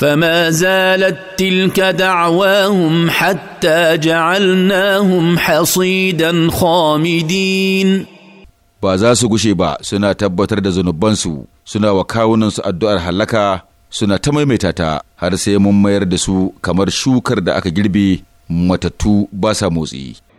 فما زالت تلك دعواهم حتى جعلناهم حصيدا خامدين ba za su gushe ba suna tabbatar da zunubansu suna wa kawunansu addu'ar halaka suna ta maimaita ta har sai mun mayar da su kamar shukar da aka girbe matattu ba sa motsi